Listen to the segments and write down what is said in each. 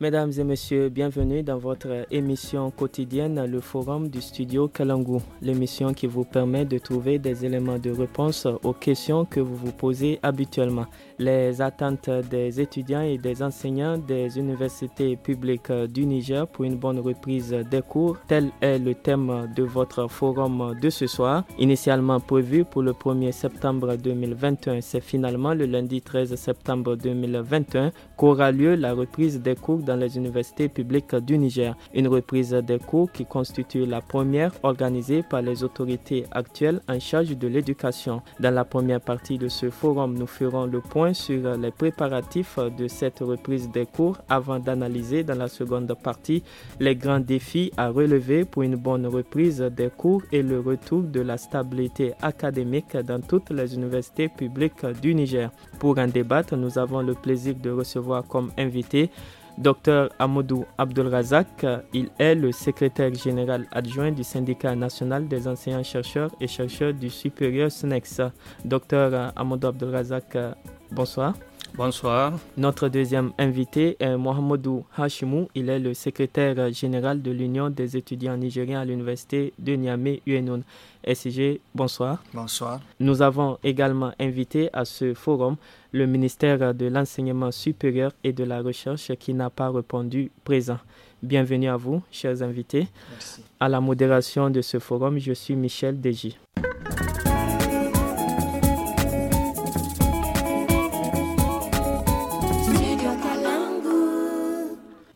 Mesdames et messieurs, bienvenue dans votre émission quotidienne, le forum du studio Kalangu, l'émission qui vous permet de trouver des éléments de réponse aux questions que vous vous posez habituellement les attentes des étudiants et des enseignants des universités publiques du Niger pour une bonne reprise des cours. Tel est le thème de votre forum de ce soir. Initialement prévu pour le 1er septembre 2021, c'est finalement le lundi 13 septembre 2021 qu'aura lieu la reprise des cours dans les universités publiques du Niger. Une reprise des cours qui constitue la première organisée par les autorités actuelles en charge de l'éducation. Dans la première partie de ce forum, nous ferons le point sur euh, les préparatifs euh, de cette reprise des cours avant d'analyser dans la seconde partie les grands défis à relever pour une bonne reprise des cours et le retour de la stabilité académique dans toutes les universités publiques du Niger. Pour un débattre, nous avons le plaisir de recevoir comme invité Dr Amadou Abdelrazak, il est le secrétaire général adjoint du syndicat national des enseignants-chercheurs et chercheurs du supérieur SNEX. Dr Amadou Abdelrazak, Bonsoir. Bonsoir. Notre deuxième invité est Mohamedou Hashimou. Il est le secrétaire général de l'Union des étudiants nigériens à l'université de Niamey UNON. SIG, bonsoir. Bonsoir. Nous avons également invité à ce forum le ministère de l'enseignement supérieur et de la recherche qui n'a pas répondu présent. Bienvenue à vous, chers invités. Merci. À la modération de ce forum, je suis Michel Deji.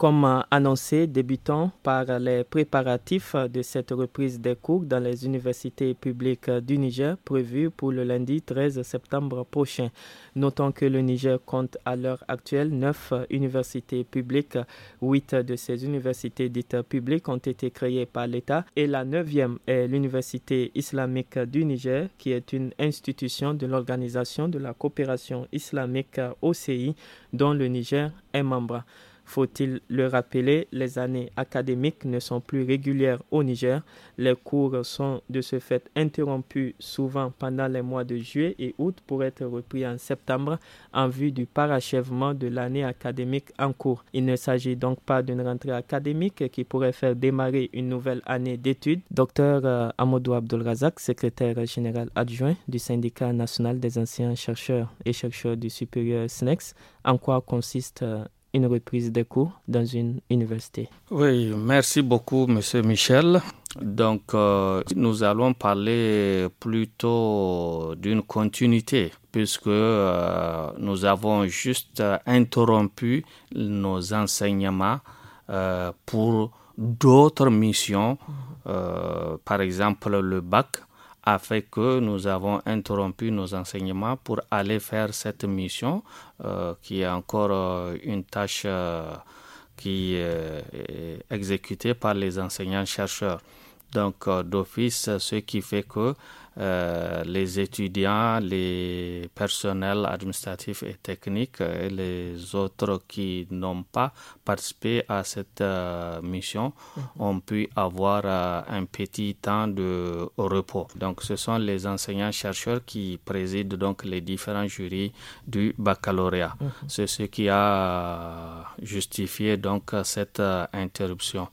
Comme euh, annoncé, débutant par les préparatifs de cette reprise des cours dans les universités publiques du Niger prévue pour le lundi 13 septembre prochain. Notons que le Niger compte à l'heure actuelle 9 universités publiques. 8 de ces universités dites publiques ont été créées par l'État et la 9 est l'Université islamique du Niger qui est une institution de l'Organisation de la coopération islamique OCI dont le Niger est membre. Faut-il le rappeler, les années académiques ne sont plus régulières au Niger. Les cours sont de ce fait interrompus souvent pendant les mois de juillet et août pour être repris en septembre en vue du parachèvement de l'année académique en cours. Il ne s'agit donc pas d'une rentrée académique qui pourrait faire démarrer une nouvelle année d'études. Docteur euh, Amadou Abdelrazak, secrétaire général adjoint du syndicat national des anciens chercheurs et chercheurs du supérieur SNEX, en quoi consiste euh, une reprise de cours dans une université. Oui, merci beaucoup, Monsieur Michel. Donc, euh, nous allons parler plutôt d'une continuité, puisque euh, nous avons juste interrompu nos enseignements euh, pour d'autres missions, par exemple le bac a fait que nous avons interrompu nos enseignements pour aller faire cette mission euh, qui est encore euh, une tâche euh, qui est exécutée par les enseignants-chercheurs. Donc d'office, ce qui fait que euh, les étudiants, les personnels administratifs et techniques et les autres qui n'ont pas participé à cette euh, mission mhm. ont pu avoir euh, un petit temps de repos. Donc ce sont les enseignants-chercheurs qui président donc les différents jurys du baccalauréat. Mhm. C'est ce qui a justifié donc cette interruption.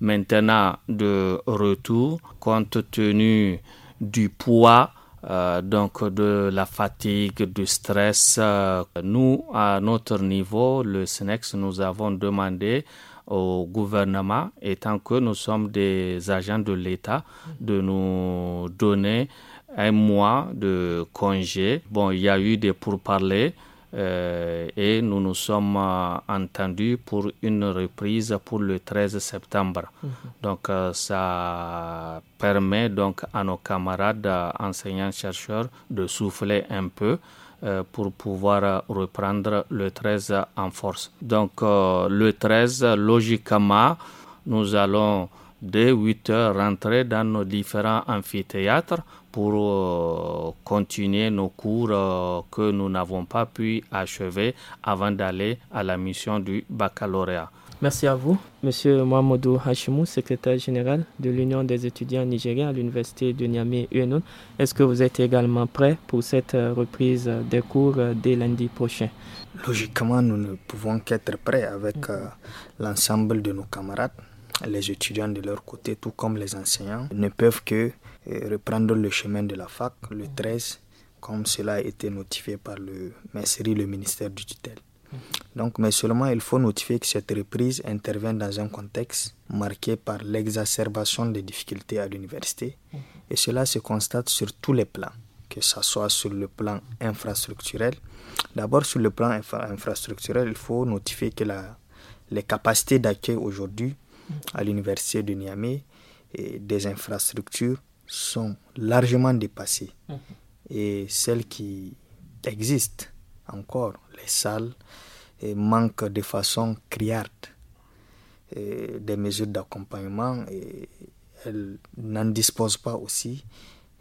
Maintenant, de retour, compte tenu du poids, euh, donc de la fatigue, du stress. Euh, nous, à notre niveau, le SNEX, nous avons demandé au gouvernement, étant que nous sommes des agents de l'État, de nous donner un mois de congé. Bon, il y a eu des pourparlers euh, et nous nous sommes euh, entendus pour une reprise pour le 13 septembre. Mhm. Donc euh, ça permet donc à nos camarades enseignants chercheurs de souffler un peu pour pouvoir reprendre le 13 en force. Donc le 13 logiquement nous allons dès 8 heures rentrer dans nos différents amphithéâtres pour euh, continuer nos cours euh, que nous n'avons pas pu achever avant d'aller à la mission du baccalauréat. Merci à vous, Monsieur Mohamedou Hachimou, secrétaire général de l'Union des étudiants nigériens à l'Université de Niamey uenoun Est-ce que vous êtes également prêt pour cette euh, reprise des cours dès lundi prochain Logiquement, nous ne pouvons qu'être prêts avec l'ensemble de nos camarades. Les étudiants de leur côté, tout comme les enseignants, ne peuvent que reprendre le chemin de la fac le 13, comme cela a été notifié par le le ministère du tutelle. Donc, mais seulement il faut notifier que cette reprise intervient dans un contexte marqué par l'exacerbation des difficultés à l'université. Mhm. Et cela se constate sur tous les plans, que ce soit sur le plan infrastructurel. D'abord, sur le plan infrastructurel, il faut notifier que la, les capacités d'accueil aujourd'hui mhm. à l'université de Niamey, et des infrastructures sont largement dépassées. Mhm. Et celles qui existent encore, les salles, manquent de façon criarde des mesures d'accompagnement. Et elles n'en disposent pas aussi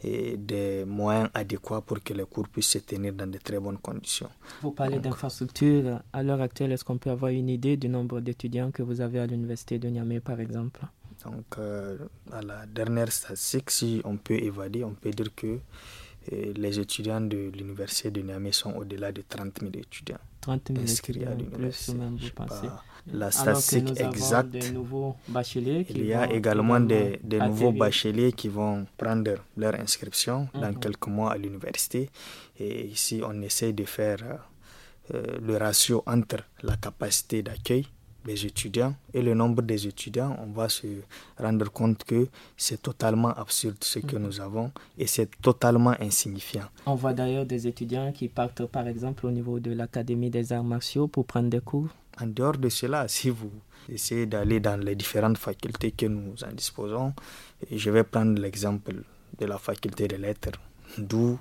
et des moyens adéquats pour que les cours puissent se tenir dans de très bonnes conditions. Vous parlez d'infrastructures. À l'heure actuelle, est-ce qu'on peut avoir une idée du nombre d'étudiants que vous avez à l'université de Niamey, par exemple donc, euh, à la dernière statistique, si on peut évaluer, on peut dire que euh, les étudiants de l'université de Niamey sont au-delà de 30 000 étudiants. 30 000 inscrits à l'université. La statistique exacte. il y a également des, nouveaux bacheliers qui vont prendre leur inscription dans mhm. quelques mois à l'université. Et ici, on essaie de faire euh, le ratio entre la capacité d'accueil des étudiants et le nombre des étudiants, on va se rendre compte que c'est totalement absurde ce que mhm. nous avons et c'est totalement insignifiant. On voit d'ailleurs des étudiants qui partent par exemple au niveau de l'Académie des arts martiaux pour prendre des cours. En dehors de cela, si vous essayez d'aller dans les différentes facultés que nous en disposons, je vais prendre l'exemple de la faculté des lettres, d'où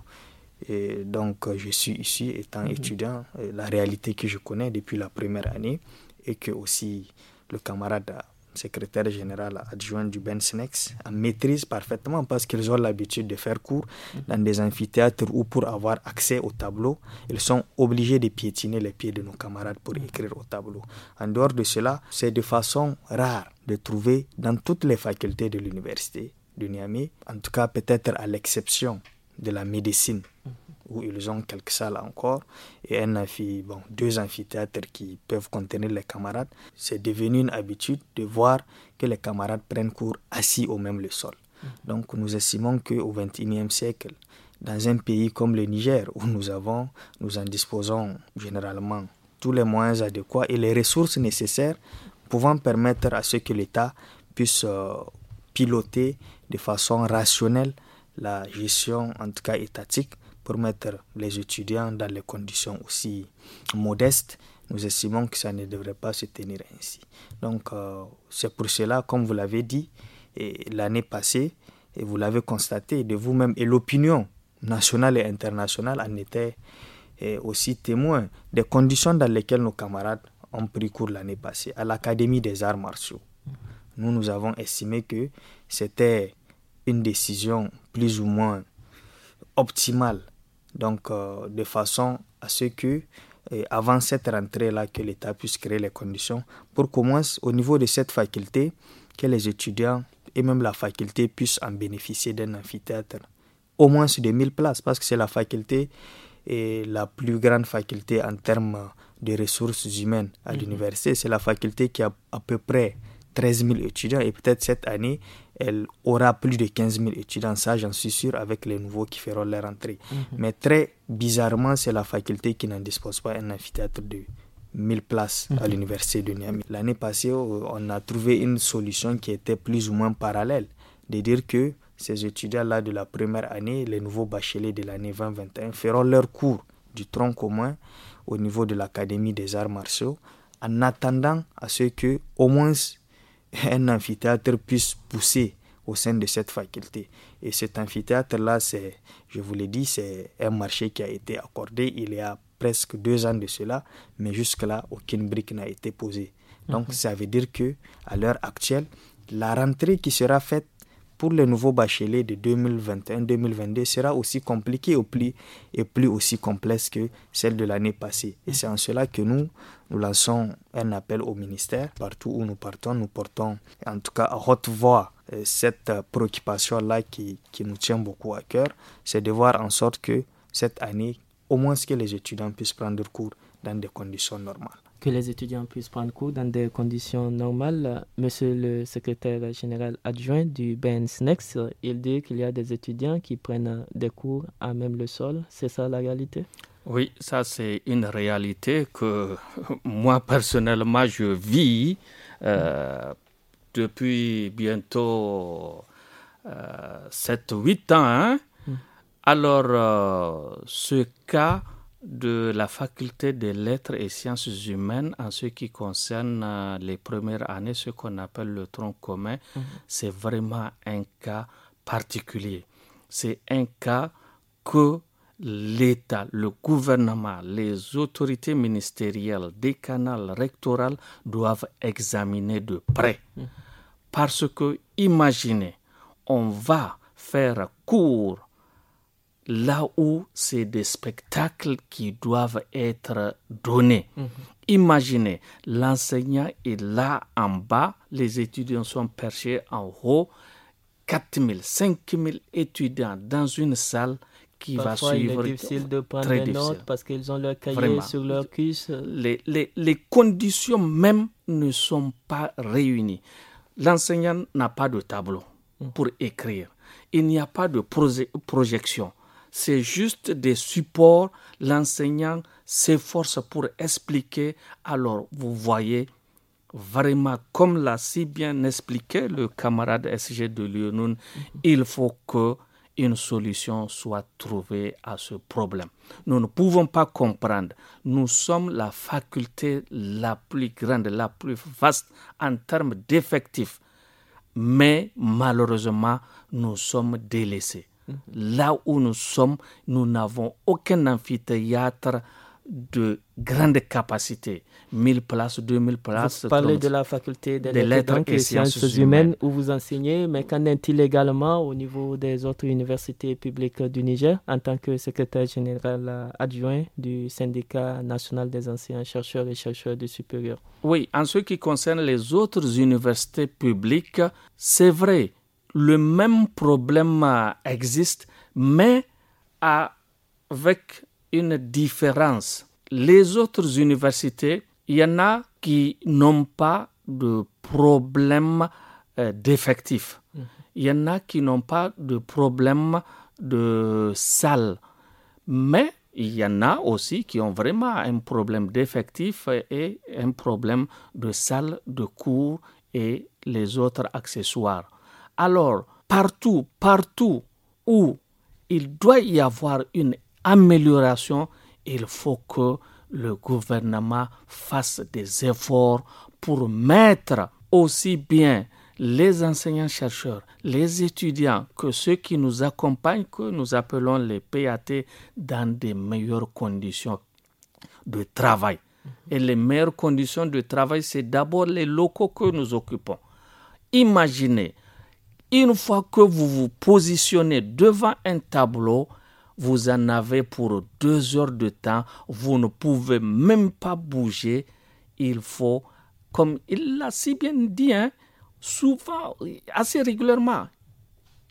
et donc je suis ici étant mhm. étudiant, la réalité que je connais depuis la première année et que aussi le camarade euh, secrétaire général adjoint du Bensenex euh, maîtrise parfaitement parce qu'ils ont l'habitude de faire cours dans des amphithéâtres où pour avoir accès au tableau, ils sont obligés de piétiner les pieds de nos camarades pour écrire au tableau. En dehors de cela, c'est de façon rare de trouver dans toutes les facultés de l'université de Niamey, en tout cas peut-être à l'exception de la médecine où ils ont quelques salles encore et un bon, deux amphithéâtres qui peuvent contenir les camarades. C'est devenu une habitude de voir que les camarades prennent cours assis au même le sol. Mm. Donc nous estimons qu'au XXIe siècle, dans un pays comme le Niger, où nous avons, nous en disposons généralement tous les moyens adéquats et les ressources nécessaires pouvant permettre à ce que l'État puisse euh, piloter de façon rationnelle la gestion, en tout cas étatique, pour mettre les étudiants dans les conditions aussi modestes, nous estimons que ça ne devrait pas se tenir ainsi. Donc euh, c'est pour cela, comme vous l'avez dit, l'année passée, et vous l'avez constaté de vous-même, et l'opinion nationale et internationale en était aussi témoin des conditions dans lesquelles nos camarades ont pris cours l'année passée à l'Académie des arts martiaux. Nous, nous avons estimé que c'était une décision plus ou moins optimale donc euh, de façon à ce que euh, avant cette rentrée-là que l'État puisse créer les conditions pour qu'au moins au niveau de cette faculté, que les étudiants et même la faculté puissent en bénéficier d'un amphithéâtre, au moins de 1000 places, parce que c'est la faculté et la plus grande faculté en termes de ressources humaines à mhm. l'université. C'est la faculté qui a à peu près 13 000 étudiants et peut-être cette année, elle aura plus de 15 000 étudiants. Ça, j'en suis sûr, avec les nouveaux qui feront leur entrée. Mhm. Mais très bizarrement, c'est la faculté qui n'en dispose pas un amphithéâtre de 1000 places à mhm. l'université de Niamey. L'année passée, oh, on a trouvé une solution qui était plus ou moins parallèle, de dire que ces étudiants-là de la première année, les nouveaux bacheliers de l'année 2021, feront leur cours du tronc commun au niveau de l'Académie des arts martiaux en attendant à ce que au moins un amphithéâtre puisse pousser au sein de cette faculté. Et cet amphithéâtre-là, c'est, je vous l'ai dit, c'est un marché qui a été accordé il y a presque deux ans de cela, mais jusque-là, aucune brique n'a été posée. Donc, mhm. ça veut dire que, à l'heure actuelle, la rentrée qui sera faite pour les nouveaux bacheliers de 2021-2022 sera aussi compliquée au et plus aussi complexe que celle de l'année passée. Et mhm. c'est en cela que nous, nous lançons un appel au ministère. Partout où nous partons, nous portons, en tout cas à haute voix, euh, cette préoccupation-là qui, nous tient beaucoup à cœur. C'est de voir en sorte que cette année, au moins que les étudiants puissent prendre cours dans des conditions normales que les étudiants puissent prendre cours dans des conditions normales. Monsieur le secrétaire général adjoint du Next, il dit qu'il y a des étudiants qui prennent des cours à même le sol. C'est ça la réalité oui, ça c'est une réalité que moi personnellement je vis euh, depuis bientôt euh, 7-8 ans. Hein. Hmm. Alors euh, ce cas de la faculté des lettres et sciences humaines en ce qui concerne euh, les premières années, ce qu'on appelle le tronc commun, hmm. c'est vraiment un cas particulier. C'est un cas que l'État, le gouvernement, les autorités ministérielles, des canaux rectorales doivent examiner de près. Parce que, imaginez, on va faire cours là où c'est des spectacles qui doivent être donnés. Imaginez, l'enseignant est là en bas, les étudiants sont perchés en haut, 4000, 5000 étudiants dans une salle qui Parfois, va suivre. difficile de prendre des notes parce qu'ils ont leur cahier sur leur cuisse. Les, conditions même ne sont pas réunies. L'enseignant n'a pas de tableau hmm. pour écrire. Il n'y a pas de projection. C'est juste des supports. L'enseignant s'efforce pour expliquer. Alors, vous voyez, vraiment, comme l'a si bien expliqué le camarade SG de Lyonoun, hmm. il faut que une solution soit trouvée à ce problème. Nous ne pouvons pas comprendre. Nous sommes la faculté la plus grande, la plus vaste en termes d'effectifs. Mais malheureusement, nous sommes délaissés. Mm-hmm. Là où nous sommes, nous n'avons aucun amphithéâtre de grandes capacités, 1000 places, 2000 places. Vous parlez de la faculté des, lettres, et, sciences, humaines, où vous enseignez, mais qu'en est-il également au niveau des autres universités publiques du Niger en tant que secrétaire général euh, adjoint du syndicat national des anciens chercheurs et chercheurs du supérieur Oui, en ce qui concerne les autres universités publiques, c'est vrai, le même problème euh, existe, mais avec différence. Les autres universités, il y en a qui n'ont pas de problème euh, d'effectif d'effectifs. Mhm. Il y en a qui n'ont pas de problème de salle Mais il y en a aussi qui ont vraiment un problème d'effectifs et un problème de salle de cours et les autres accessoires. Alors, partout, partout où il doit y avoir une amélioration, il faut que le gouvernement fasse des efforts pour mettre aussi bien les enseignants-chercheurs, les étudiants, que ceux qui nous accompagnent, que nous appelons les PAT, dans des meilleures conditions de travail. Et les meilleures conditions de travail, c'est d'abord les locaux que nous occupons. Imaginez, une fois que vous vous positionnez devant un tableau, vous en avez pour deux heures de temps. Vous ne pouvez même pas bouger. Il faut, comme il l'a si bien dit, hein, souvent, assez régulièrement,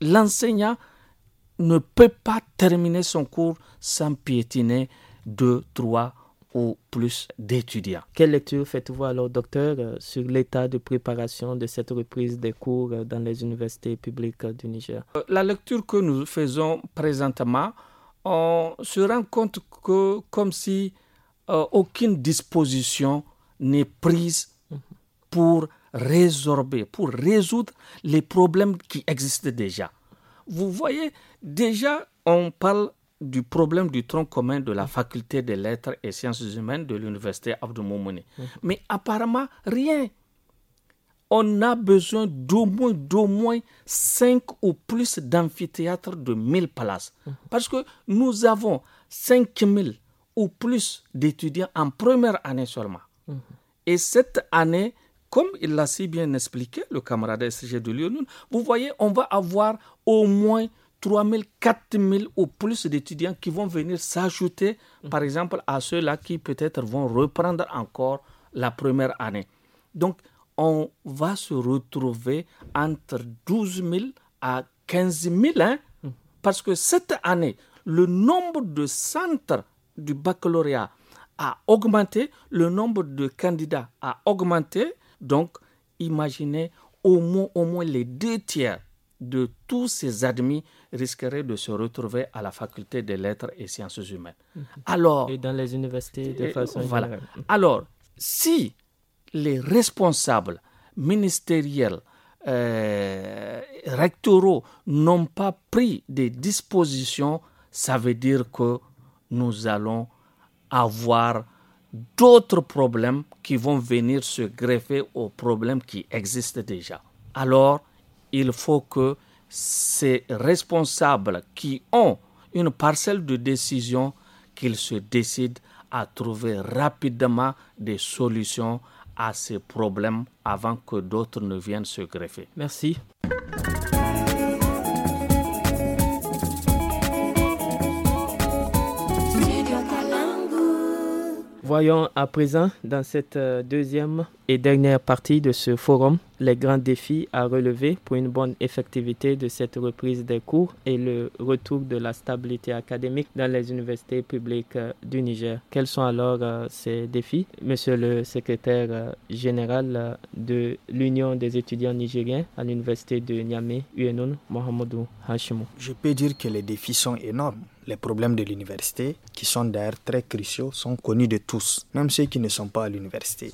l'enseignant ne peut pas terminer son cours sans piétiner deux, trois ou plus d'étudiants. Quelle lecture faites-vous alors, docteur, euh, sur l'état de préparation de cette reprise des cours euh, dans les universités publiques du Niger euh, La lecture que nous faisons présentement, on se rend compte que comme si euh, aucune disposition n'est prise pour résorber, pour résoudre les problèmes qui existent déjà. Vous voyez, déjà, on parle du problème du tronc commun de la faculté des lettres et sciences humaines de l'université Abdou Moumouni. Mmh. Mais apparemment, rien on a besoin d'au moins, d'au moins 5 ou plus d'amphithéâtres de 1000 places. Mhm. Parce que nous avons 5000 ou plus d'étudiants en première année seulement. Mhm. Et cette année, comme il l'a si bien expliqué, le camarade SG de Lyon, vous voyez, on va avoir au moins 3000, 4000 ou plus d'étudiants qui vont venir s'ajouter, mhm. par exemple, à ceux-là qui peut-être vont reprendre encore la première année. Donc, on va se retrouver entre 12 000 à 15 000, hein. parce que cette année, le nombre de centres du baccalauréat a augmenté, le nombre de candidats a augmenté. Donc, imaginez au moins, au moins les deux tiers de tous ces admis risqueraient de se retrouver à la faculté des lettres et sciences humaines. Mhm. Alors, et dans les universités de façon Alors, si les responsables ministériels, euh, rectoraux n'ont pas pris des dispositions, ça veut dire que nous allons avoir d'autres problèmes qui vont venir se greffer aux problèmes qui existent déjà. Alors, il faut que ces responsables qui ont une parcelle de décision, qu'ils se décident à trouver rapidement des solutions à ces problèmes avant que d'autres ne viennent se greffer. Merci. Voyons à présent dans cette euh, deuxième et dernière partie de ce forum, les grands défis à relever pour une bonne effectivité de cette reprise des cours et le retour de la stabilité académique dans les universités publiques euh, du Niger. Quels sont alors euh, ces défis Monsieur le secrétaire euh, général de l'Union des étudiants nigériens à l'université de Niamey, UNON, Mohamedou Hachimou. Je peux dire que les défis sont énormes. Les problèmes de l'université, qui sont d'ailleurs très cruciaux, sont connus de tous, même ceux qui ne sont pas à l'université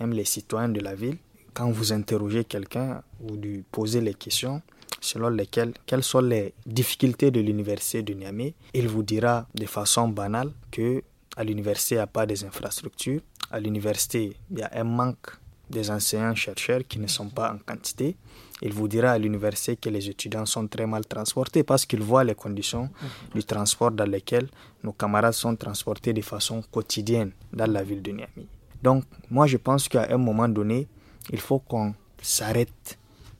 même les citoyens de la ville, quand vous interrogez quelqu'un, ou lui posez les questions selon lesquelles, quelles sont les difficultés de l'université de Niamey, il vous dira de façon banale que à l'université, il n'y a pas des infrastructures. À l'université, il y a un manque des enseignants-chercheurs qui ne sont pas en quantité. Il vous dira à l'université que les étudiants sont très mal transportés parce qu'ils voient les conditions mhm. du transport dans lesquelles nos camarades sont transportés de façon quotidienne dans la ville de Niamey. Donc, moi, je pense qu'à un moment donné, il faut qu'on s'arrête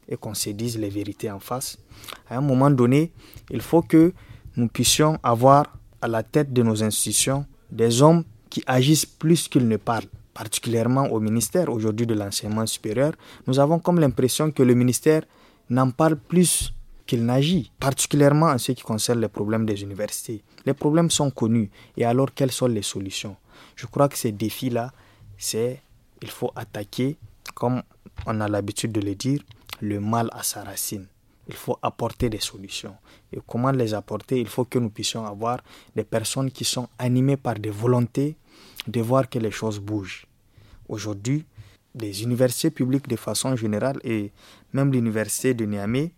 et qu'on se dise les vérités en face. À un moment donné, il faut que nous puissions avoir à la tête de nos institutions des hommes qui agissent plus qu'ils ne parlent particulièrement au ministère aujourd'hui de l'enseignement supérieur, nous avons comme l'impression que le ministère n'en parle plus qu'il n'agit, particulièrement en ce qui concerne les problèmes des universités. Les problèmes sont connus et alors quelles sont les solutions Je crois que ces défis-là, c'est il faut attaquer, comme on a l'habitude de le dire, le mal à sa racine. Il faut apporter des solutions. Et comment les apporter Il faut que nous puissions avoir des personnes qui sont animées par des volontés de voir que les choses bougent. Aujourd'hui, les universités publiques de façon générale et même l'université de Niamey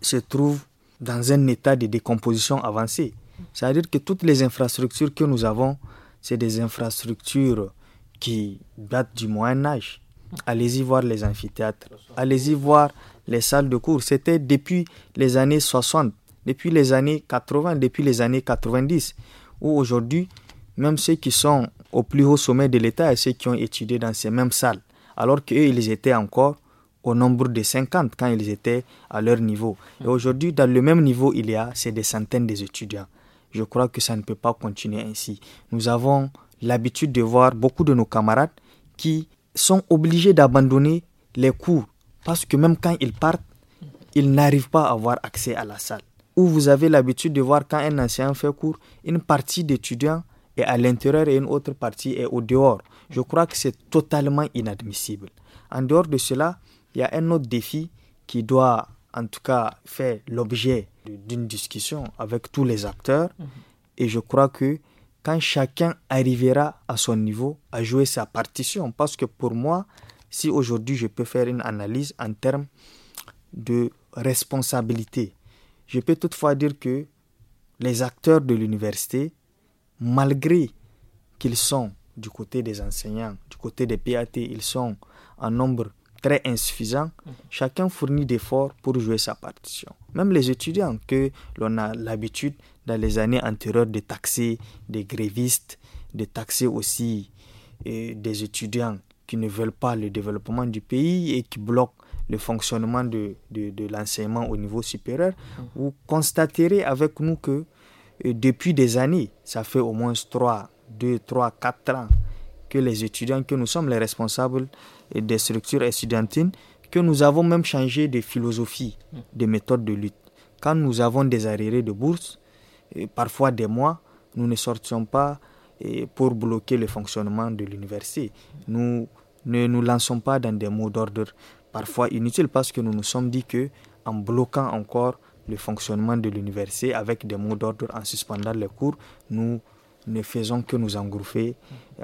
se trouvent dans un état de décomposition avancée. C'est-à-dire que toutes les infrastructures que nous avons, c'est des infrastructures qui datent du Moyen Âge. Allez-y voir les amphithéâtres, allez-y voir les salles de cours. C'était depuis les années 60, depuis les années 80, depuis les années 90, où aujourd'hui, même ceux qui sont au plus haut sommet de l'État et ceux qui ont étudié dans ces mêmes salles, alors qu'eux, ils étaient encore au nombre de 50 quand ils étaient à leur niveau. Et aujourd'hui, dans le même niveau, il y a c'est des centaines d'étudiants. Je crois que ça ne peut pas continuer ainsi. Nous avons l'habitude de voir beaucoup de nos camarades qui sont obligés d'abandonner les cours parce que même quand ils partent, ils n'arrivent pas à avoir accès à la salle. Ou vous avez l'habitude de voir quand un enseignant fait cours, une partie d'étudiants est à l'intérieur et une autre partie est au dehors. Je crois que c'est totalement inadmissible. En dehors de cela, il y a un autre défi qui doit en tout cas faire l'objet d'une discussion avec tous les acteurs. Mhm. Et je crois que quand chacun arrivera à son niveau à jouer sa partition. Parce que pour moi, si aujourd'hui je peux faire une analyse en termes de responsabilité, je peux toutefois dire que les acteurs de l'université, malgré qu'ils sont du côté des enseignants, du côté des PAT, ils sont en nombre très insuffisant, mhm. chacun fournit d'efforts pour jouer sa partition. Même les étudiants que l'on a l'habitude dans les années antérieures de taxer des grévistes, de taxer aussi des étudiants qui ne veulent pas le développement du pays et qui bloquent le fonctionnement de, de, l'enseignement au niveau supérieur, mm. vous constaterez avec nous que euh, depuis des années, ça fait au moins 3, 2, 3, 4 ans que les étudiants, que nous sommes les responsables des structures étudiantines, que nous avons même changé de philosophie, mm. de méthode de lutte. Quand nous avons des arriérés de bourse, parfois des mois, nous ne sortions pas pour bloquer le fonctionnement de l'université. Nous ne nous lançons pas dans des mots d'ordre parfois inutiles parce que nous nous sommes dit que en bloquant encore le fonctionnement de l'université avec des mots d'ordre en suspendant les cours, nous ne faisons que nous engouffrer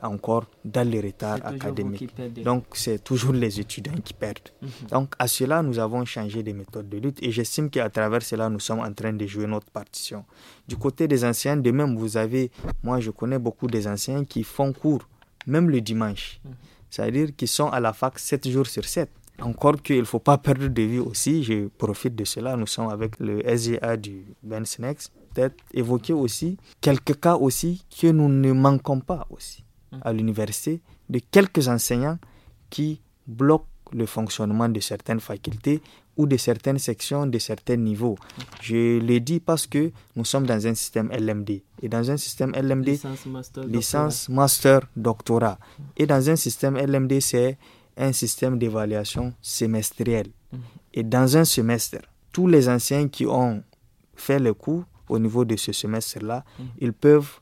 encore dans le retard académique. Donc, c'est toujours les étudiants qui perdent. Mhm. Donc, à cela, nous avons changé des méthodes de lutte et j'estime qu'à travers cela, nous sommes en train de jouer notre partition. Du côté des anciens, de même, vous avez, moi, je connais beaucoup des anciens qui font cours, même le dimanche. Mhm. C'est-à-dire qu'ils sont à la fac 7 jours sur 7. Encore qu'il ne faut pas perdre de vue aussi, je profite de cela, nous sommes avec le SGA du Ben Snex, peut-être évoquer aussi quelques cas aussi que nous ne manquons pas aussi hmm. à l'université de quelques enseignants qui bloquent le fonctionnement de certaines facultés ou de certaines sections, de certains niveaux. Hmm. Je le dis parce que nous sommes dans un système LMD. Et dans un système LMD, licence, Master, doctorat. Et dans un système LMD, c'est un système d'évaluation semestriel. Mhm. Et dans un semestre, tous les anciens qui ont fait le cours au niveau de ce semestre-là, mhm. ils peuvent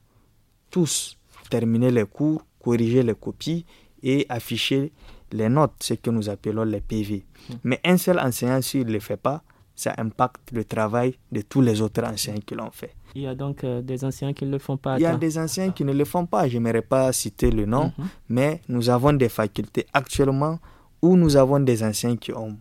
tous terminer les cours, corriger les copies et afficher les notes, ce que nous appelons les PV. Mhm. Mais un seul enseignant, s'il ne le fait pas, ça impacte le travail de tous les autres anciens qui l'ont fait. Il y a donc euh, des anciens qui ne le font pas. Il y a des anciens qui ne le font pas. Je n'aimerais pas citer le nom, mhm. mais nous avons des facultés actuellement où nous avons des anciens qui ont.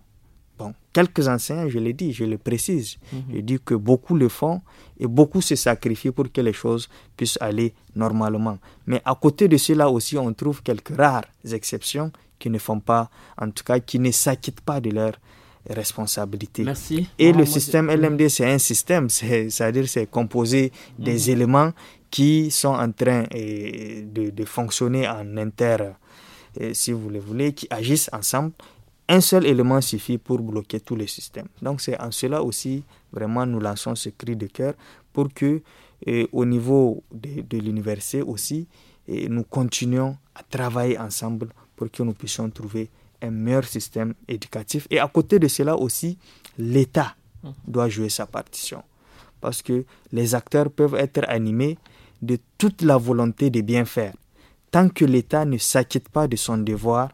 Bon, quelques anciens, je l'ai dit, je le précise. Mhm. Je dis que beaucoup le font et beaucoup se sacrifient pour que les choses puissent aller normalement. Mais à côté de cela aussi, on trouve quelques rares exceptions qui ne font pas, en tout cas, qui ne s'acquittent pas de leur responsabilité. Et le système LMD, c'est un système, c'est-à-dire c'est composé mhm. des éléments qui sont en train eh, de, fonctionner en inter, eh, si vous le voulez, qui agissent ensemble. Un seul élément suffit pour bloquer tous les systèmes. Donc c'est en cela aussi, vraiment, nous lançons ce cri de cœur pour que, eh, au niveau de, de l'université aussi, nous continuions à travailler ensemble pour que nous puissions trouver un meilleur système éducatif. Et à côté de cela aussi, l'État mmh. doit jouer sa partition. Parce que les acteurs peuvent être animés de toute la volonté de bien faire. Tant que l'État ne s'acquitte pas de son devoir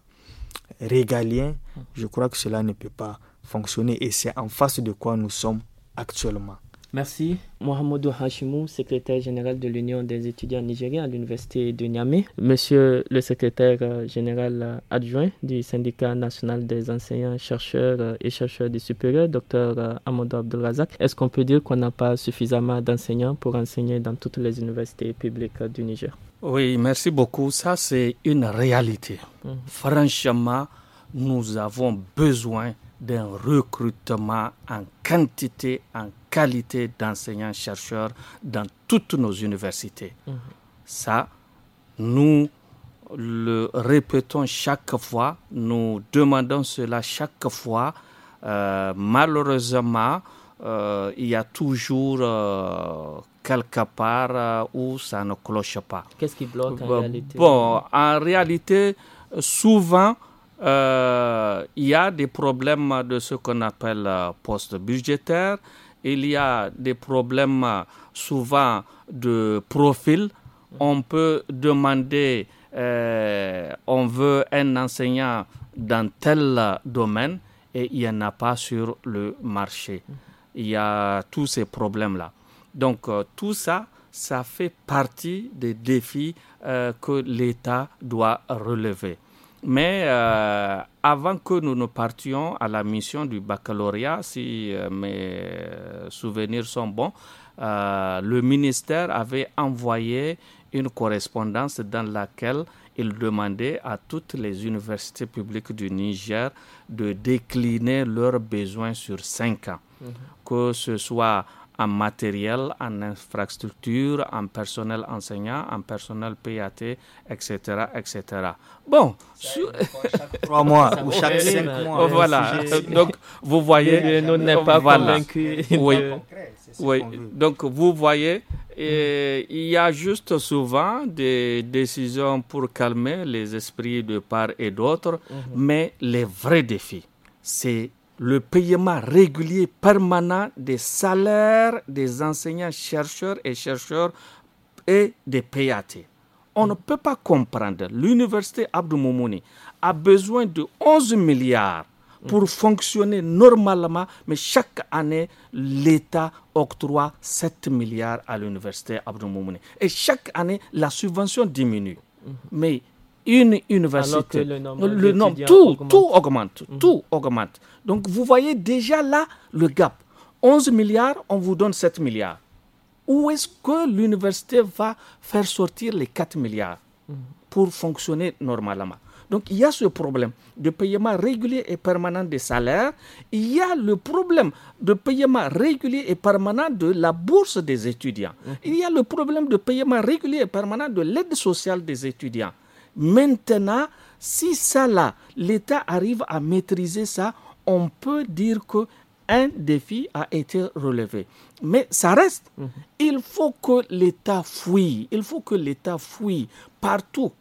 régalien, mmh. je crois que cela ne peut pas fonctionner. Et c'est en face de quoi nous sommes actuellement. Merci. Mohamedou Hashimou, secrétaire général de l'Union des étudiants nigériens à l'Université de Niamey. Monsieur le secrétaire euh, général euh, adjoint du syndicat national des enseignants, chercheurs euh, et chercheurs du supérieur, docteur Amadou Abdelrazak, est-ce qu'on peut dire qu'on n'a pas suffisamment d'enseignants pour enseigner dans toutes les universités publiques du Niger Oui, merci beaucoup. Ça, c'est une réalité. Hum. Franchement, nous avons besoin d'un recrutement en quantité, en qualité d'enseignants-chercheurs dans toutes nos universités. Mhm. Ça, nous le répétons chaque fois, nous demandons cela chaque fois. Euh, malheureusement, euh, il y a toujours euh, quelque part où ça ne cloche pas. Qu'est-ce qui bloque en réalité Bon, en réalité, souvent, euh, il y a des problèmes de ce qu'on appelle euh, poste budgétaire, il y a des problèmes euh, souvent de profil. On peut demander, on veut un enseignant dans tel domaine et il n'y en a pas sur le marché. Il y a tous ces problèmes-là. Donc tout ça, ça fait partie des défis que l'État doit relever. Mais euh, avant que nous ne partions à la mission du baccalauréat, si euh, mes souvenirs sont bons, euh, le ministère avait envoyé une correspondance dans laquelle il demandait à toutes les universités publiques du Niger de décliner leurs besoins sur cinq ans, mhm. que ce soit en matériel, en infrastructure, en personnel enseignant, en personnel PAT, etc. etc. Bon, chaque trois mois ou chaque cinq mois. Oh, voilà, donc vous voyez, nous n'est pas Oui, donc vous voyez, il y a juste souvent des décisions pour calmer les esprits de part et d'autre, mhm. mais les vrais défis, c'est le paiement régulier permanent des salaires des enseignants-chercheurs et chercheurs et des PAT. On ne peut pas comprendre. L'université Abdou Moumouni a besoin de 11 milliards pour fonctionner normalement, mais chaque année, l'État octroie 7 milliards à l'université Abdou Moumouni. Et chaque année, la subvention diminue. Mhm. Mais une université. le nombre, tout, augmente. Mhm. tout augmente, Donc vous voyez déjà là le gap. 11 milliards, on vous donne 7 milliards. Où est-ce que l'université va faire sortir les 4 milliards mhm. pour fonctionner normalement Donc il y a ce problème de paiement régulier et permanent des salaires. Il y a le problème de paiement régulier et permanent de la bourse des étudiants. Mhm. Il y a le problème de paiement régulier et permanent de l'aide sociale des étudiants. Maintenant, si ça là, l'État arrive à maîtriser ça, on peut dire que un défi a été relevé. Mais ça reste. Mhm. Il faut que l'État fouille. Il faut que l'État fouille partout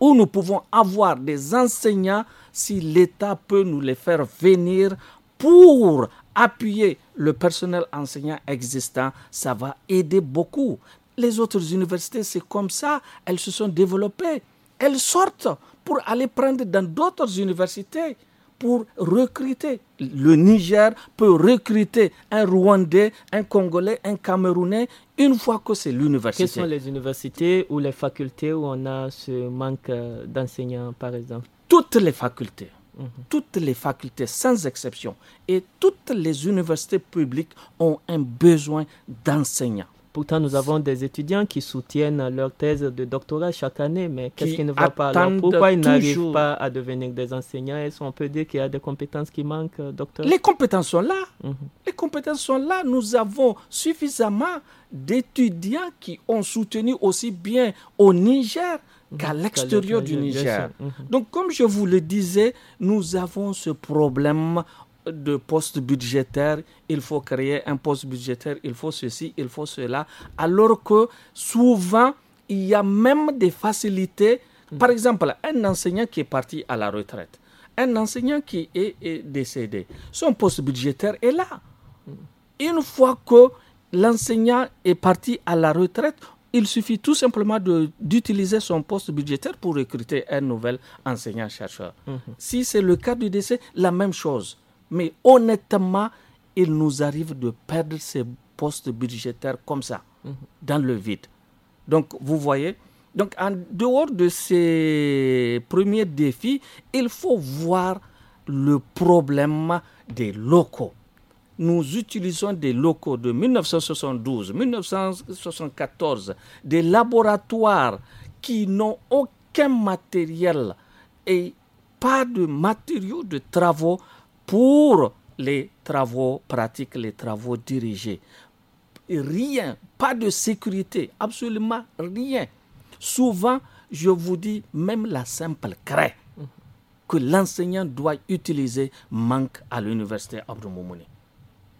où nous pouvons avoir des enseignants si l'État peut nous les faire venir pour appuyer le personnel enseignant existant. Ça va aider beaucoup. Les autres universités, c'est comme ça. Elles se sont développées elles sortent pour aller prendre dans d'autres universités pour recruter. Le Niger peut recruter un Rwandais, un Congolais, un Camerounais, une fois que c'est l'université. Quelles sont les universités ou les facultés où on a ce manque euh, d'enseignants, par exemple Toutes les facultés. Mhm. Toutes les facultés, sans exception, et toutes les universités publiques ont un besoin d'enseignants. Pourtant, nous avons des étudiants qui soutiennent leur thèse de doctorat chaque année, mais qu'est-ce qui ne va pas Alors, Pourquoi ils n'arrivent pas à devenir des enseignants Est-ce qu'on peut dire qu'il y a des compétences qui manquent, euh, docteur Les compétences sont là. Mhm. Les compétences sont là. Nous avons suffisamment d'étudiants qui ont soutenu aussi bien au Niger mhm. qu'à l'extérieur du Niger. Mhm. Donc, comme je vous le disais, nous avons ce problème de poste budgétaire, il faut créer un poste budgétaire, il faut ceci, il faut cela, alors que souvent, il y a même des facilités. Hmm. Par exemple, un enseignant qui est parti à la retraite, un enseignant qui est, décédé, son poste budgétaire est là. Hmm. Une fois que l'enseignant est parti à la retraite, il suffit tout simplement d'utiliser son poste budgétaire pour recruter un nouvel enseignant-chercheur. Hmm. Si c'est le cas du décès, la même chose. Mais honnêtement, il nous arrive de perdre ces postes budgétaires comme ça, mhm. dans le vide. Donc, vous voyez, donc en dehors de ces premiers défis, il faut voir le problème des locaux. Nous utilisons des locaux de 1972, 1974, des laboratoires qui n'ont aucun matériel et pas de matériaux de travaux pour les travaux pratiques, les travaux dirigés. Rien, pas de sécurité, absolument rien. Souvent, je vous dis, même la simple craie que l'enseignant doit utiliser manque à l'université Abdou Moumouni.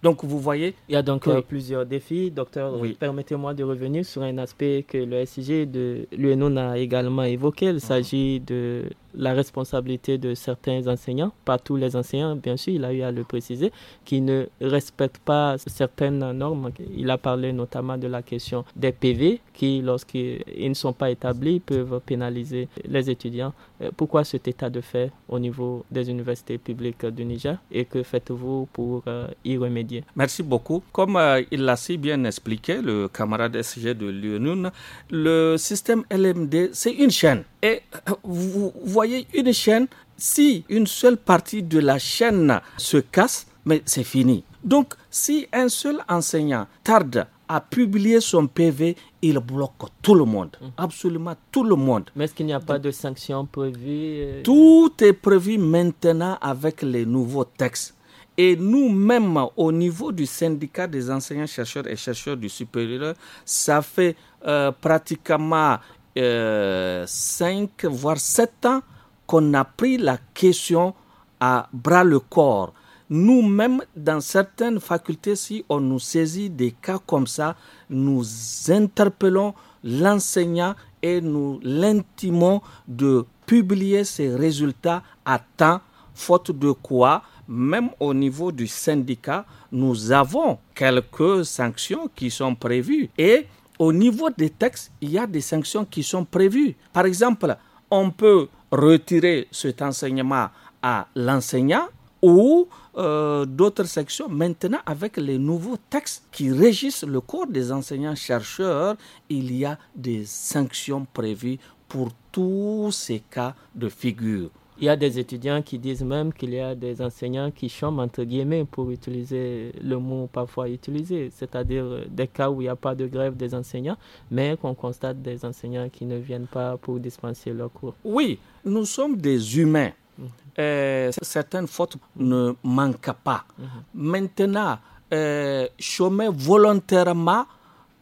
Donc vous voyez. Il y a donc euh, plusieurs défis. Docteur, permettez-moi de revenir sur un aspect que le SIG de l'UNO a également évoqué. Il mhm. s'agit de la responsabilité de certains enseignants, pas tous les enseignants, bien sûr, il a eu à le préciser, qui ne respectent pas certaines normes. Il a parlé notamment de la question des PV qui, lorsqu'ils ne sont pas établis, peuvent pénaliser les étudiants. Euh, pourquoi cet état de fait au niveau des universités publiques du Niger et que faites-vous pour euh, y remédier Merci beaucoup. Comme euh, il l'a si bien expliqué, le camarade SG de Lyonoun, le système LMD, c'est une chaîne. Et vous voyez une chaîne, si une seule partie de la chaîne se casse, mais c'est fini. Donc, si un seul enseignant tarde à publier son PV, il bloque tout le monde, mmh. absolument tout le monde. Mais est-ce qu'il n'y a pas de sanctions prévues euh? Tout est prévu maintenant avec les nouveaux textes. Et nous-mêmes, au niveau du syndicat des enseignants-chercheurs et chercheurs du supérieur, ça fait euh, pratiquement 5, euh, voire 7 ans qu'on a pris la question à bras le corps. Nous-mêmes, dans certaines facultés, si on nous saisit des cas comme ça, nous interpellons l'enseignant et nous l'intimons de publier ses résultats à temps, faute de quoi, même au niveau du syndicat, nous avons quelques sanctions qui sont prévues. Et au niveau des textes, il y a des sanctions qui sont prévues. Par exemple, on peut retirer cet enseignement à l'enseignant ou euh, d'autres sections. Maintenant, avec les nouveaux textes qui régissent le corps des enseignants-chercheurs, il y a des sanctions prévues pour tous ces cas de figure. Il y a des étudiants qui disent même qu'il y a des enseignants qui chôment, entre guillemets, pour utiliser le mot parfois utilisé, c'est-à-dire des cas où il n'y a pas de grève des enseignants, mais qu'on constate des enseignants qui ne viennent pas pour dispenser leurs cours. Oui, nous sommes des humains. Mm-hmm. Euh, certaines fautes ne manquent pas. Mm-hmm. Maintenant, euh, chômer volontairement,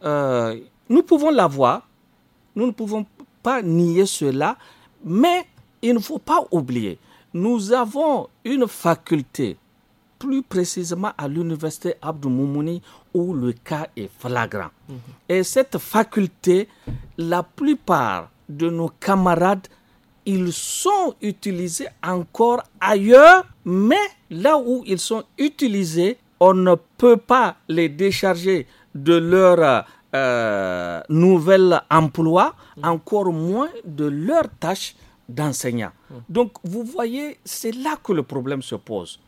euh, nous pouvons l'avoir, nous ne pouvons pas nier cela, mais il ne faut pas oublier, nous avons une faculté, plus précisément à l'université Abdou Moumouni, où le cas est flagrant. Mhm. Et cette faculté, la plupart de nos camarades, ils sont utilisés encore ailleurs, mais là où ils sont utilisés, on ne peut pas les décharger de leur euh, euh, nouvel emploi, mhm. encore moins de leur tâche d'enseignants. Mmh. Donc, vous voyez, c'est là que le problème se pose.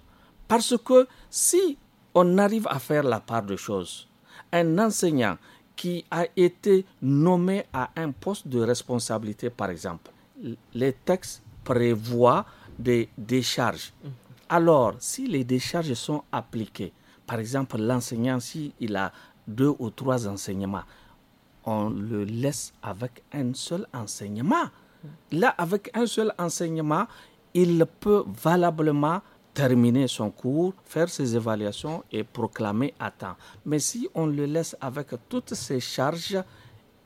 Parce que si on arrive à faire la part de choses, un enseignant qui a été nommé à un poste de responsabilité, par exemple, les textes prévoient des décharges. Mmh. Alors, si les décharges sont appliquées, par exemple, l'enseignant, s'il a deux ou trois enseignements, on le laisse avec un seul enseignement là, avec un seul enseignement, il peut valablement terminer son cours, faire ses évaluations et proclamer à temps. Mais si on le laisse avec toutes ses charges,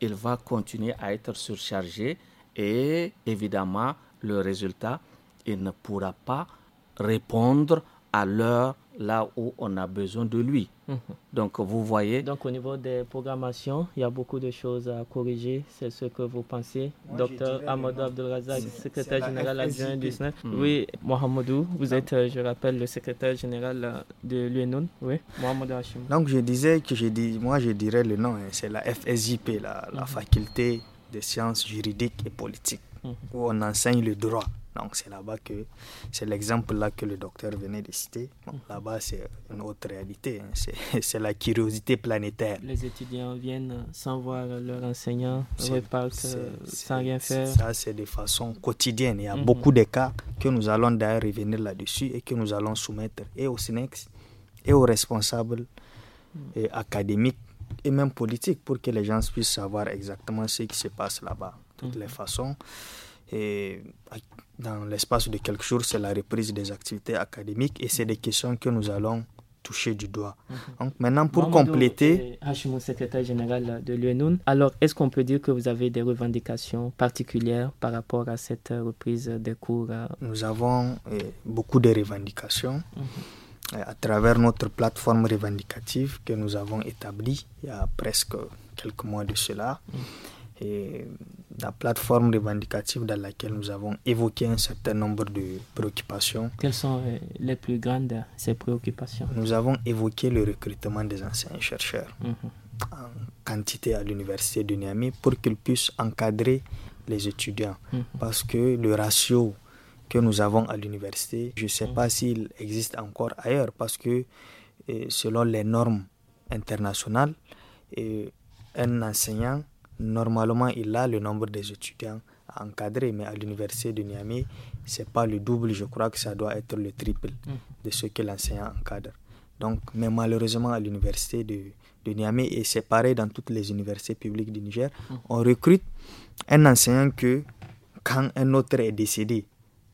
il va continuer à être surchargé et évidemment, le résultat, il ne pourra pas répondre à l'heure là où on a besoin de lui. Mhm. Donc vous voyez. Donc au niveau des programmations, il y a beaucoup de choses à corriger. C'est ce que vous pensez, docteur Amadou Abdelrazak, secrétaire général adjoint du hmm. Oui, Mohamedou, vous ah. êtes, euh, je rappelle, le secrétaire général euh, de l'UNON. Oui, Mohamedou Hachim. Donc je disais que je dis, moi je dirais le nom, hein, c'est la FSIP, la, mhm. faculté des sciences juridiques et politiques où on enseigne le droit. Donc c'est là-bas que c'est l'exemple là que le docteur venait de citer. Mhm. là-bas c'est une autre réalité, hein. c'est la curiosité planétaire. Les étudiants viennent sans voir leur enseignant, sans rien faire. Ça c'est de façon quotidienne. Il y a mhm. beaucoup de cas que nous allons d'ailleurs revenir là-dessus et que nous allons soumettre et au SINEX et aux responsables mhm. académiques et même politiques pour que les gens puissent savoir exactement ce qui se passe là-bas toutes les mhm. façons. Et euh, dans l'espace de quelques jours, c'est la reprise des activités académiques et c'est des questions que nous allons toucher du doigt. Mhm. maintenant, pour Je compléter... mon secrétaire général de l'UNUN, alors est-ce qu'on peut dire que vous avez des revendications particulières par rapport à cette reprise des cours euh? Nous avons euh, beaucoup de revendications. Mhm. À travers notre plateforme revendicative que nous avons établie il y a presque quelques mois de cela et la plateforme revendicative dans laquelle nous avons évoqué un certain nombre de préoccupations. Quelles sont euh, les plus grandes euh, ces préoccupations Nous avons évoqué le recrutement des anciens chercheurs mhm. en quantité à l'université de Niamey pour qu'ils puissent encadrer les étudiants mhm. parce que le ratio que nous avons à l'université, je ne sais mhm. pas s'il existe encore ailleurs parce que euh, selon les normes internationales, un enseignant normalement, il a le nombre des étudiants à encadrer, mais à l'université de Niamey, ce n'est pas le double, je crois que ça doit être le triple mm. de ce que l'enseignant encadre. Donc, mais malheureusement, à l'université de, de Niamey, et c'est pareil dans toutes les universités publiques du Niger, mm. on recrute un enseignant que quand un autre est décédé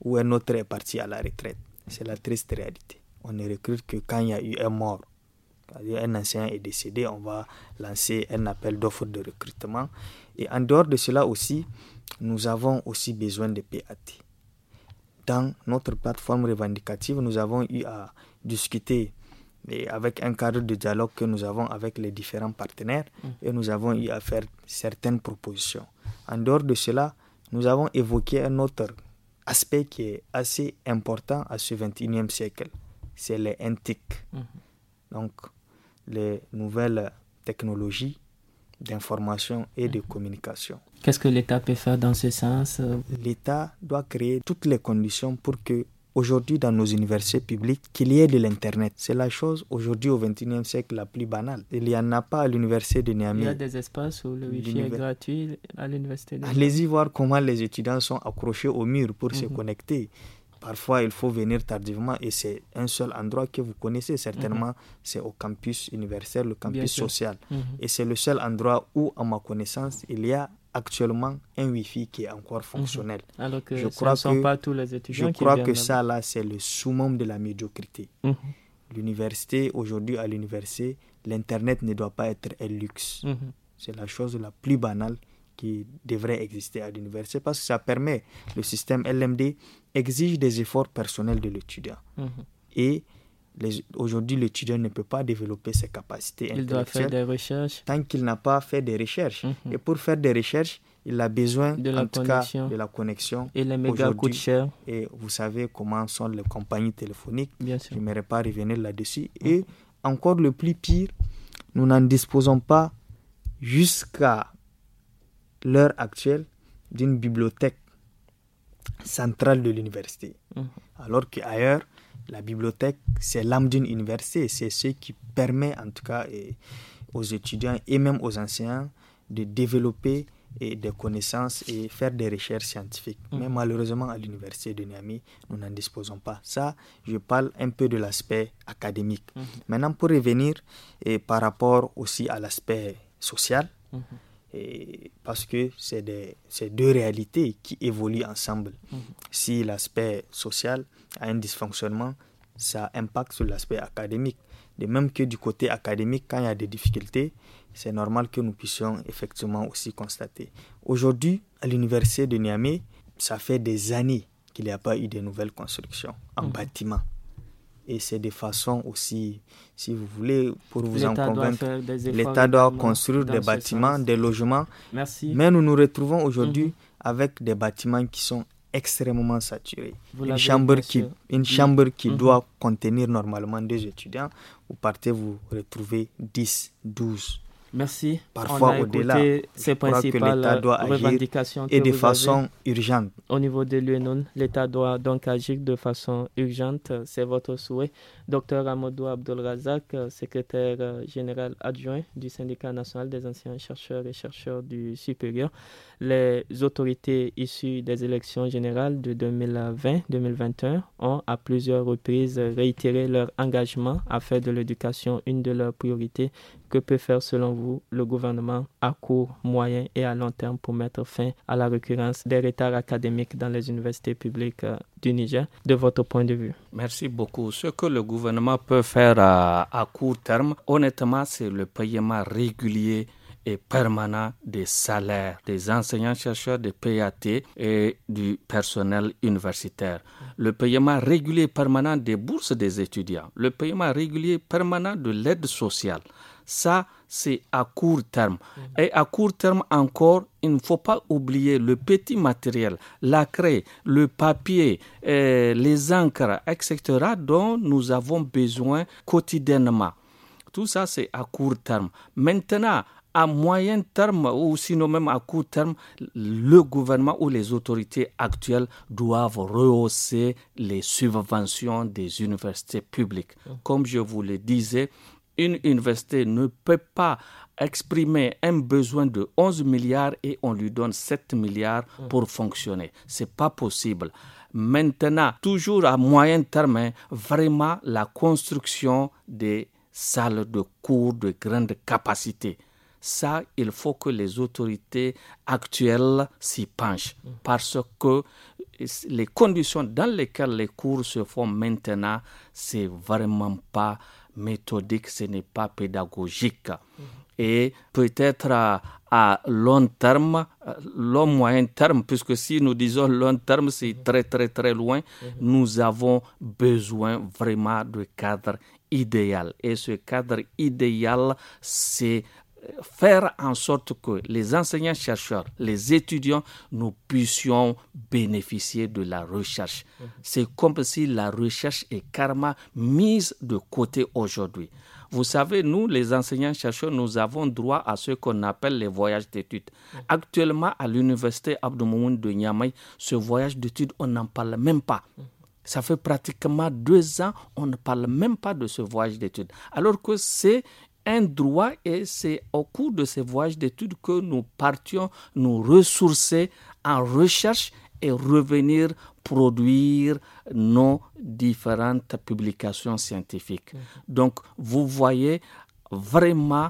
ou un autre est parti à la retraite. C'est la triste réalité. On ne recrute que quand il y a eu un mort un ancien est décédé, on va lancer un appel d'offres de recrutement. Et en dehors de cela aussi, nous avons aussi besoin de PAT. Dans notre plateforme revendicative, nous avons eu à discuter avec un cadre de dialogue que nous avons avec les différents partenaires et nous avons eu à faire certaines propositions. En dehors de cela, nous avons évoqué un autre aspect qui est assez important à ce 21e siècle, c'est les NTIC. Mhm. Donc, les nouvelles technologies d'information et de mhm. communication. Qu'est-ce que l'État peut faire dans ce sens L'État doit créer toutes les conditions pour que aujourd'hui dans nos universités publiques qu'il y ait de l'Internet. C'est la chose aujourd'hui au XXIe siècle la plus banale. Il n'y en a pas à l'université de Niamey. Il y a des espaces où le wifi est gratuit à l'université de Allez-y voir comment les étudiants sont accrochés au mur pour se mhm. connecter. Parfois, il faut venir tardivement et c'est un seul endroit que vous connaissez certainement, mhm. c'est au campus universel, le campus social. Mhm. Et c'est le seul endroit où, à ma connaissance, il y a actuellement un Wi-Fi qui est encore mhm. fonctionnel. Alors que je crois ne sont que, pas tous les étudiants. Je crois que ça, là, c'est le summum de la médiocrité. L'université, aujourd'hui, à l'université, l'Internet ne doit pas être un luxe. C'est la chose la plus banale qui devrait exister à l'université parce que ça permet le système LMD exige des efforts personnels de l'étudiant. Mhm. Et aujourd'hui, l'étudiant ne peut pas développer ses capacités intellectuelles. Tant qu'il n'a pas fait des recherches. Mhm. Et pour faire des recherches, il a besoin de la, connexion. Cas, de la connexion. Et les médias coûtent cher. Et vous savez comment sont les compagnies téléphoniques. Je ne Je pas revenir là-dessus. Mhm. Et encore le plus pire, nous n'en disposons pas jusqu'à l'heure actuelle d'une bibliothèque centrale de l'université. alors mhm. Alors qu'ailleurs, la bibliothèque, c'est l'âme d'une université. C'est ce qui permet, en tout cas, aux étudiants et même aux enseignants de développer des connaissances et faire des recherches scientifiques. Mhm. Mais malheureusement, à l'université de Niamey, nous n'en disposons pas. Ça, je parle un peu de l'aspect académique. Mhm. Maintenant, pour revenir et par rapport aussi à l'aspect social, parce que c'est deux réalités qui évoluent ensemble. Mhm. Si l'aspect social a un dysfonctionnement, ça impacte sur l'aspect académique. De même que du côté académique, quand il y a des difficultés, c'est normal que nous puissions effectivement aussi constater. Aujourd'hui, à l'université de Niamey, ça fait des années qu'il n'y a pas eu de nouvelles constructions en mhm. bâtiment. Et c'est des façons aussi, si vous voulez, pour vous en convaincre, l'État doit construire des bâtiments, des logements. Mais nous nous retrouvons aujourd'hui mhm. avec des bâtiments qui sont extrêmement saturés. une chambre, qui, une mhm. chambre qui mhm. doit contenir normalement deux étudiants, vous partez vous retrouvez 10, 12, Merci. Parfois, au-delà, je crois que l'État doit agir et de façon urgente. Au niveau de l'UNON, l'État doit donc agir de façon urgente. C'est votre souhait. Docteur Amadou Abdelrazak, euh, secrétaire euh, général adjoint du syndicat national des anciens chercheurs et chercheurs du supérieur, les autorités issues des élections générales de 2020-2021 ont à plusieurs reprises réitéré leur engagement à faire de l'éducation une de leurs priorités. Que peut faire selon vous le gouvernement à court, moyen et à long terme pour mettre fin à la récurrence des retards académiques dans les universités publiques euh, du Niger, de votre point de vue Merci beaucoup. Ce que le gouvernement gouvernement peut faire à, court terme, honnêtement, c'est le paiement régulier et permanent des salaires des enseignants-chercheurs des PAT et du personnel universitaire. Le paiement régulier permanent des bourses des étudiants. Le paiement régulier permanent de l'aide sociale. Ça, c'est à court terme. Mhm. Et à court terme encore, il ne faut pas oublier le petit matériel, la craie, le papier, euh, les encres, etc., dont nous avons besoin quotidiennement. Tout ça, c'est à court terme. Maintenant, à moyen terme ou sinon même à court terme, le gouvernement ou les autorités actuelles doivent rehausser les subventions des universités publiques. Mhm. Comme je vous le disais, une université ne peut pas exprimer un besoin de 11 milliards et on lui donne 7 milliards mm. pour fonctionner. C'est pas possible. Maintenant, toujours à moyen terme, hein, vraiment la construction des salles de cours de grande capacité. Ça, il faut que les autorités actuelles s'y penchent mm. parce que les conditions dans lesquelles les cours se font maintenant, c'est vraiment pas méthodique, ce n'est pas pédagogique. Et peut-être à, long terme, euh, long moyen terme, puisque si nous disons long terme, c'est très très très loin, nous avons besoin vraiment de cadre idéal. Et ce cadre idéal, c'est faire en sorte que les enseignants-chercheurs, les étudiants, nous puissions bénéficier de la recherche. C'est comme si la recherche est karma mise de côté aujourd'hui. Vous savez, nous, les enseignants-chercheurs, nous avons droit à ce qu'on appelle les voyages d'études. Actuellement, à l'université Abdoumoun de Niamey, ce voyage d'études, on n'en parle même pas. Ça fait pratiquement deux ans, on ne parle même pas de ce voyage d'études. Alors que c'est un droit et c'est au cours de ces voyages d'études que nous partions nous ressourcer en recherche et revenir produire nos différentes publications scientifiques. Mm-hmm. Donc, vous voyez, vraiment,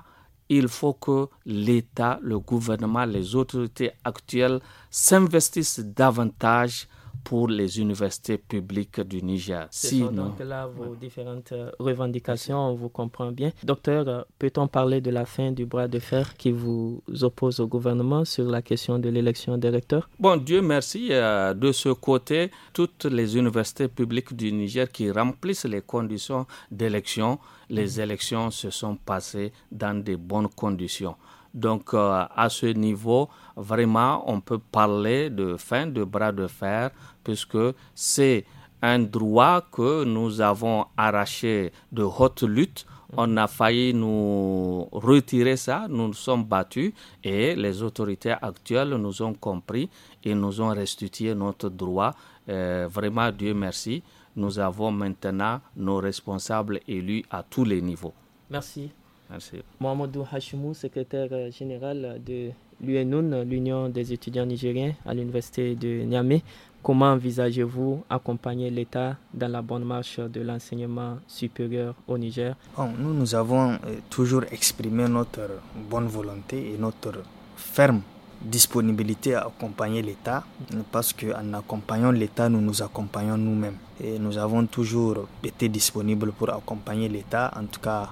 il faut que l'État, le gouvernement, les autorités actuelles s'investissent davantage pour les universités publiques du Niger. Si donc là vos différentes euh, revendications, on vous comprend bien. Docteur, euh, peut-on parler de la fin du bras de fer qui vous oppose au gouvernement sur la question de l'élection des recteurs Bon, Dieu merci, euh, de ce côté, toutes les universités publiques du Niger qui remplissent les conditions d'élection, les mmh. élections se sont passées dans de bonnes conditions. Donc euh, à ce niveau, vraiment, on peut parler de fin de bras de fer, puisque c'est un droit que nous avons arraché de haute lutte. On a failli nous retirer ça, nous nous sommes battus et les autorités actuelles nous ont compris et nous ont restitué notre droit. Euh, vraiment, Dieu merci, nous avons maintenant nos responsables élus à tous les niveaux. Merci. Merci. Mohamedou Hashimou, secrétaire euh, général de l'UNUN, l'Union des étudiants nigériens à l'Université de Niamey. Comment envisagez-vous accompagner l'État dans la bonne marche de l'enseignement supérieur au Niger Nous, nous avons euh, toujours exprimé notre bonne volonté et notre ferme disponibilité à accompagner l'État parce qu'en accompagnant l'État, nous nous accompagnons nous-mêmes. Et nous avons toujours été disponibles pour accompagner l'État, en tout cas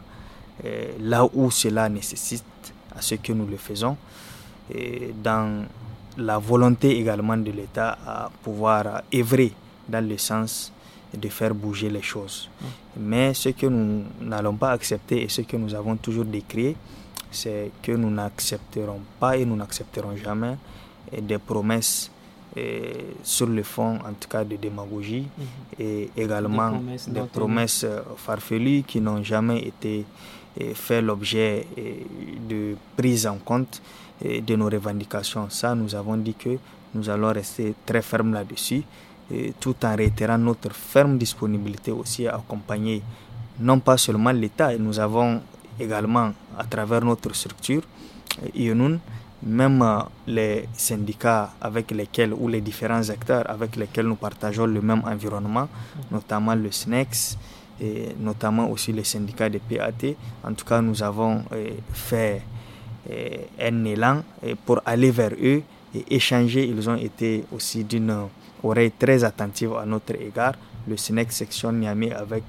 euh, là où cela nécessite à ce que nous le faisons, et euh, dans la volonté également de l'État à pouvoir œuvrer dans le sens de faire bouger les choses. Mm. Mais ce que nous n'allons pas accepter et ce que nous avons toujours décrit c'est que nous n'accepterons pas et nous n'accepterons jamais euh, des promesses euh, sur le fond, en tout cas, de démagogie mhm. et également des promesses, euh, farfelues qui n'ont jamais été euh, faites l'objet de prise en compte de nos revendications. Ça, nous avons dit que nous allons rester très fermes là-dessus, tout en réitérant notre ferme disponibilité aussi à accompagner non pas seulement l'État, nous avons également à travers notre structure, IONUN, même euh, les syndicats avec lesquels ou les différents acteurs avec lesquels nous partageons le même environnement, notamment le SNEX et notamment aussi les syndicats des PAT. En tout cas, nous avons euh, fait euh, un élan pour aller vers eux et échanger. Ils ont été aussi d'une oreille très attentive à notre égard. Le SNEX section Niamey avec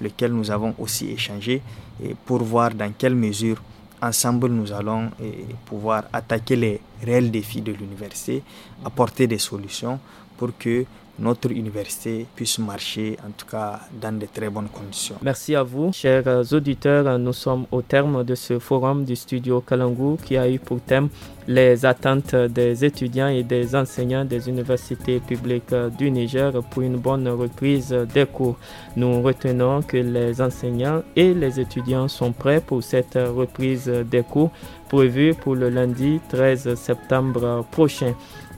lequel nous avons aussi échangé et pour voir dans quelle mesure ensemble, nous allons eh, pouvoir attaquer les réels défis de l'université, apporter des solutions pour que notre université puisse marcher, en tout cas dans de très bonnes conditions. Merci à vous, chers auditeurs. Nous sommes au terme de ce forum du studio Kalangu qui a eu pour thème les attentes des étudiants et des enseignants des universités publiques du Niger pour une bonne reprise des cours. Nous retenons que les enseignants et les étudiants sont prêts pour cette reprise des cours prévue pour le lundi 13 septembre prochain.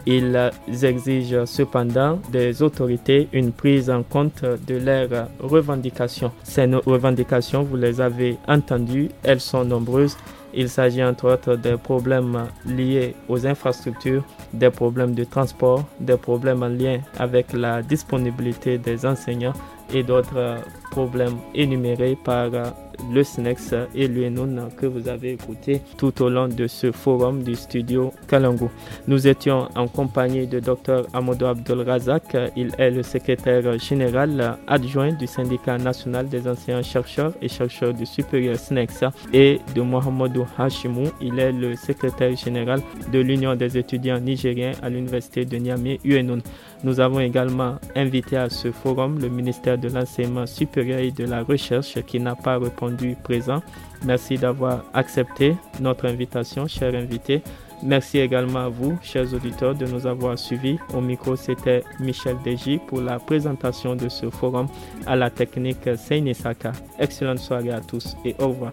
Ils exigent cependant des autorités une prise en compte de leurs revendications. Ces revendications, vous les avez entendues, elles sont nombreuses. Il s'agit entre autres des problèmes liés aux infrastructures, des problèmes de transport, des problèmes en lien avec la disponibilité des enseignants et d'autres problèmes énumérés par le SNEX et l'UNUN que vous avez écouté tout au long de ce forum du studio Kalango. Nous étions en compagnie de Dr Amadou Abdel Razak. Il est le secrétaire général adjoint du syndicat national des anciens chercheurs et chercheurs du supérieur SNEX et de Mohamedou Hashimou. Il est le secrétaire général de l'Union des étudiants nigériens à l'université de Niamey, UNUN. Nous avons également invité à ce forum le ministère de l'Enseignement supérieur et de la Recherche qui n'a pas répondu présent. Merci d'avoir accepté notre invitation, chers invités. Merci également à vous, chers auditeurs, de nous avoir suivis. Au micro, c'était Michel Deji pour la présentation de ce forum à la technique Seinesaka. Excellente soirée à tous et au revoir.